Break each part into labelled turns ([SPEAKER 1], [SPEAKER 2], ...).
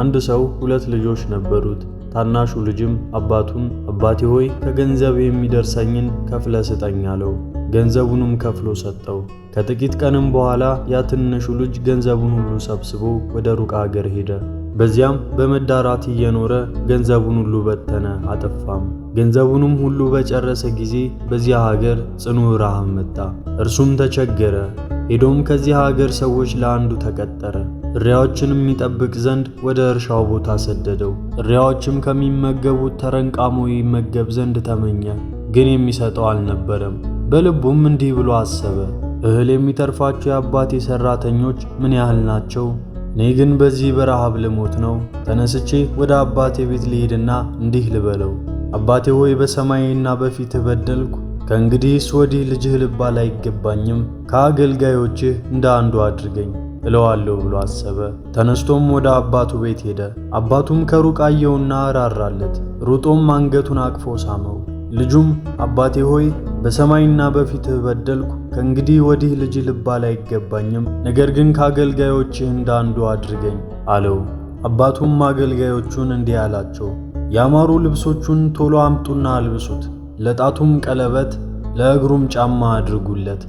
[SPEAKER 1] አንድ ሰው ሁለት ልጆች ነበሩት። ታናሹ ልጅም አባቱን አባቴ ሆይ ከገንዘብ የሚደርሰኝን ከፍለ ስጠኝ አለው። ገንዘቡንም ከፍሎ ሰጠው። ከጥቂት ቀንም በኋላ ያ ትንሹ ልጅ ገንዘቡን ሁሉ ሰብስቦ ወደ ሩቅ አገር ሄደ። በዚያም በመዳራት እየኖረ ገንዘቡን ሁሉ በተነ፣ አጠፋም። ገንዘቡንም ሁሉ በጨረሰ ጊዜ በዚያ ሀገር ጽኑ ረሃብ መጣ። እርሱም ተቸገረ። ሄዶም ከዚህ ሀገር ሰዎች ለአንዱ ተቀጠረ። እሪያዎችንም ይጠብቅ ዘንድ ወደ እርሻው ቦታ ሰደደው። እሪያዎችም ከሚመገቡት ተረንቃሞ ይመገብ ዘንድ ተመኘ፣ ግን የሚሰጠው አልነበረም። በልቡም እንዲህ ብሎ አሰበ፣ እህል የሚተርፋቸው የአባቴ ሠራተኞች ምን ያህል ናቸው? እኔ ግን በዚህ በረሃብ ልሞት ነው። ተነስቼ ወደ አባቴ ቤት ልሄድና እንዲህ ልበለው፣ አባቴ ሆይ በሰማይና በፊትህ በደልኩ ከእንግዲህስ ወዲህ ልጅህ ልባል አይገባኝም፣ ከአገልጋዮችህ እንደ አንዱ አድርገኝ እለዋለሁ ብሎ አሰበ። ተነስቶም ወደ አባቱ ቤት ሄደ። አባቱም ከሩቅ አየውና ራራለት። ሩጦም አንገቱን አቅፎ ሳመው። ልጁም አባቴ ሆይ በሰማይና በፊትህ በደልኩ፣ ከእንግዲህ ወዲህ ልባ ልባል አይገባኝም፣ ነገር ግን ከአገልጋዮችህ እንደ አንዱ አድርገኝ አለው። አባቱም አገልጋዮቹን እንዲህ አላቸው፣ ያማሩ ልብሶቹን ቶሎ አምጡና አልብሱት ለጣቱም ቀለበት ለእግሩም ጫማ አድርጉለት።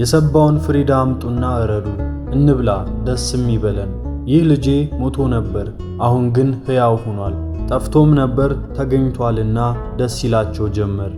[SPEAKER 1] የሰባውን ፍሪዳ አምጡና እረዱ፣ እንብላ፣ ደስም ይበለን። ይህ ልጄ ሞቶ ነበር፣ አሁን ግን ሕያው ሆኗል፣ ጠፍቶም ነበር ተገኝቷልና ደስ ይላቸው ጀመር።